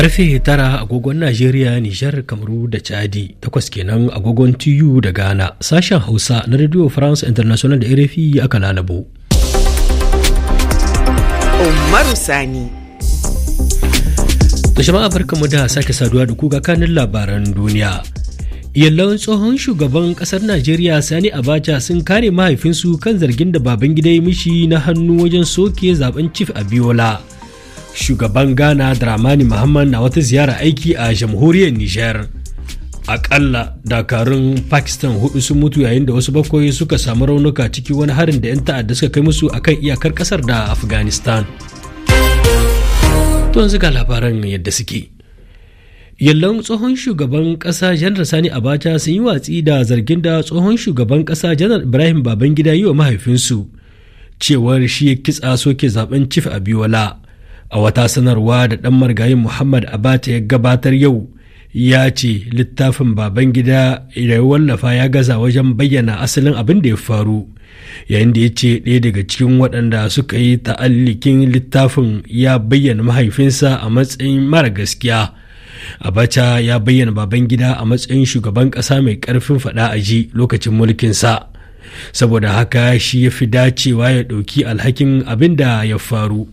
Karfe tara agogon Najeriya, Nijar, Kamaru da Chadi, takwas kenan agogon TU da Ghana, sashen Hausa na Radio France International da RFI aka lalabo. Umaru Sani. Da jama'a da sake saduwa da kuga kanin labaran duniya. Yallon tsohon shugaban kasar Najeriya Sani Abacha sun kare mahaifinsu kan zargin da baban gida mishi na hannu wajen soke zaben Chief Abiola. shugaban ghana dramani muhammad na wata ziyara aiki a jamhuriyar niger akalla dakarun pakistan hudu sun mutu yayin da wasu bakwai suka samu raunuka ciki wani harin da 'yan ta'adda suka kai musu akan iyakar kasar da afghanistan to yanzu labaran yadda suke yallon tsohon shugaban kasa janar sani abacha sun yi watsi da zargin da tsohon shugaban kasa janar ibrahim babangida yi wa mahaifinsu cewar shi ya kitsa soke zaben chief abiola a wata sanarwa da ɗan margayin muhammad abata ya gabatar yau ya ce littafin baban gida da wallafa ya gaza wajen bayyana asalin abin da ya faru yayin da ya ce ɗaya daga cikin waɗanda suka yi ta'allikin littafin ya bayyana mahaifinsa a matsayin mara gaskiya abacha ya bayyana baban gida a matsayin shugaban ƙasa mai ƙarfin faɗa a ji lokacin mulkinsa saboda haka shi ya fi dacewa ya ɗauki alhakin abin da ya faru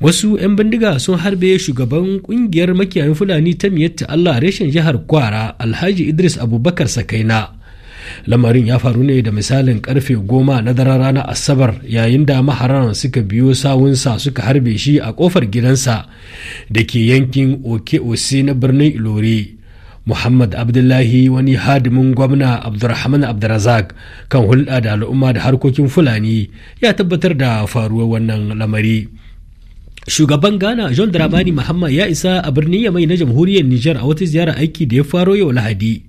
wasu 'yan bindiga sun harbe shugaban kungiyar makiyayin fulani ta miyatta allah reshen jihar kwara alhaji idris abubakar sakaina lamarin ya faru ne da misalin karfe goma na daren ranar asabar yayin da maharan suka biyo sawunsa suka harbe shi a kofar gidansa da ke yankin oke-ose na birnin ilori muhammad abdullahi wani hadimin gwamna abdurrahman abdurazak kan hulɗa da al'umma da harkokin fulani ya tabbatar da faruwar wannan lamari Shugaban Ghana John Dramani Mahama ya isa a birnin Yamai na jamhuriyar Nijar a wata ziyara aiki da ya faro yau Lahadi.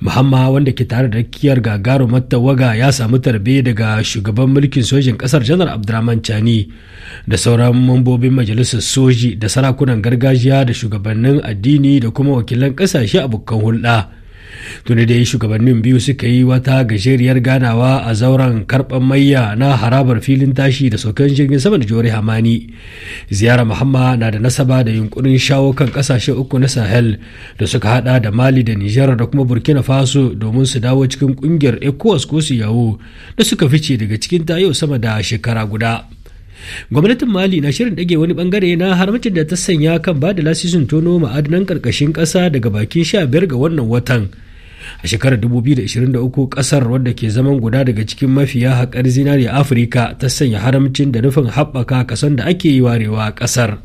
Muhamma wanda ke tare da rakiyar gagarumar waga ya samu tarbe daga shugaban mulkin sojin kasar janar Abdurrahman Chani da sauran mambobin majalisar soji da sarakunan gargajiya da shugabannin addini da kuma wakilan kasashe bukkan hulɗa. tuni dai shugabannin biyu suka yi wata gajeriyar ganawa a zauren karɓar mayya na harabar filin tashi da saukan jirgin sama da jori hamani ziyara muhamma na da nasaba da yunkurin shawo kan ƙasashe uku na sahel da suka hada da mali da nijar da kuma burkina faso domin su dawo cikin ƙungiyar ecowas ko su yawo da suka fice daga cikin ta yau sama da shekara guda gwamnatin mali na shirin dage wani bangare na haramcin da ta sanya kan ba da lasisin tono ma'adanan karkashin kasa daga bakin sha biyar ga wannan watan a shekarar 2023 kasar wadda ke zaman guda daga cikin mafiya haƙar zinari afirka ta sanya haramcin da nufin haɓaka kason da ake yi warewa kasar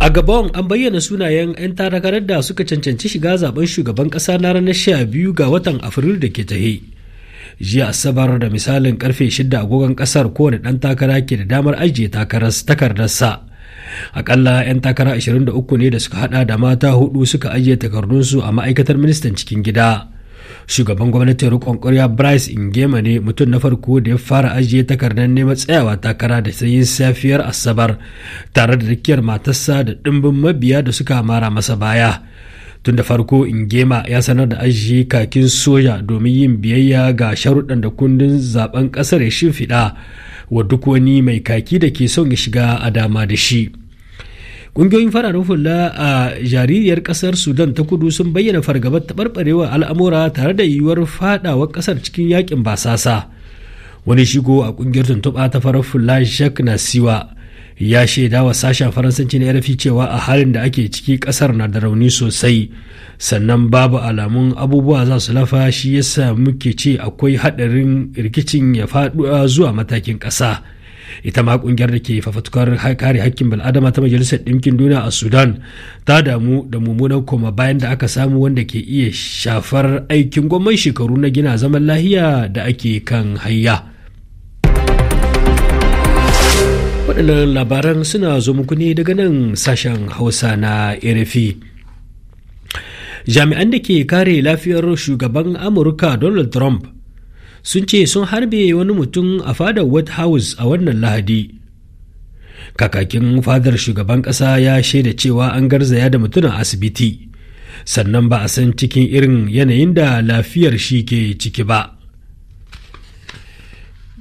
a gabon an bayyana sunayen 'yan takarar da suka cancanci shiga zaben shugaban kasa na ranar 12 ga watan afrilu da ke tahe jiya asabar da misalin karfe 6 agogon kasar kowane dan takara ke da damar ajiye takardarsa akalla 'yan takara 23 ne da suka hada da mata hudu suka ajiye takardunsu a ma'aikatar ministan cikin gida shugaban gwamnatin rikon ƙwarya bryce ingema ne mutum na farko da ya fara ajiye takardar neman tsayawa takara da sayin safiyar asabar tare da rikiyar matarsa da ɗimbin mabiya da suka mara masa baya tun da farko ingema ya sanar da aji kakin soja domin yin biyayya ga sharuɗan da kundin zaben ƙasar ya shimfiɗa wa duk wani mai kaki da ke son ya shiga a dama da shi ƙungiyoyin fararen hula a jaririyar ƙasar sudan ta kudu sun bayyana fargabar taɓarɓarewa al'amura tare da yiwuwar faɗawa ƙasar cikin yakin basasa wani shigo a ƙungiyar tuntuɓa ta farar hula jacques nasiwa ya shaida wa sashen faransanci na rfi cewa a halin da ake ciki kasar na da rauni sosai sannan babu alamun abubuwa za su lafa shi yasa muke ce akwai haɗarin rikicin ya faɗuwa zuwa matakin ƙasa ita ma kungiyar da ke fafatukar kare hakkin bil'adama ta majalisar ɗinkin duniya a sudan ta damu da mummunan koma bayan da aka samu wanda ke iya shafar aikin gwamnan shekaru na gina zaman lahiya da ake kan hayya. waɗannan labaran suna zo muku ne daga nan sashen hausa na rfi jami'an da ke kare lafiyar shugaban amurka donald trump sun ce sun harbe wani mutum a fadar white house a wannan lahadi kakakin fadar shugaban ƙasa ya shaida cewa an garzaya da mutum a asibiti sannan ba a san cikin irin yanayin da lafiyar shi ke ciki ba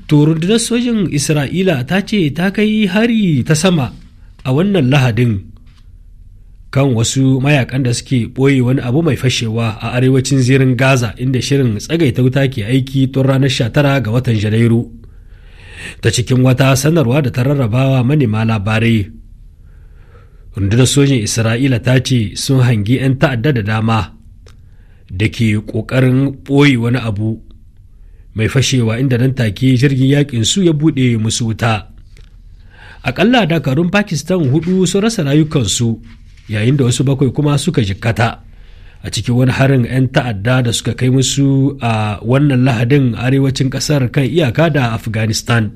to rundunar sojin isra'ila ta ce ta kai hari ta sama a wannan lahadin kan wasu mayakan da suke ɓoye wani abu mai fashewa a arewacin zirin gaza inda shirin tsagaita wuta ke aiki tun ranar 19 ga watan janairu ta cikin wata sanarwa da ta rarrabawa manema labarai rundunar sojin isra'ila ta ce sun hangi 'yan ta'adda da dama da ke ƙoƙarin ɓoye wani abu mai fashewa inda nan take jirgin yakin su ya buɗe musu wuta akalla dakarun pakistan hudu sun rasa rayukansu yayin da wasu bakwai kuma suka jikkata a cikin wani harin 'yan ta'adda da suka kai musu a wannan lahadin arewacin kasar kan iyaka da afghanistan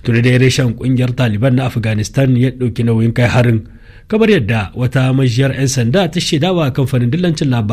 tuni da reshen kungiyar taliban na afghanistan ya ɗauki nauyin kai harin kamar yadda wata majiyar 'yan sanda ta shaidawa kamfanin dillancin labarai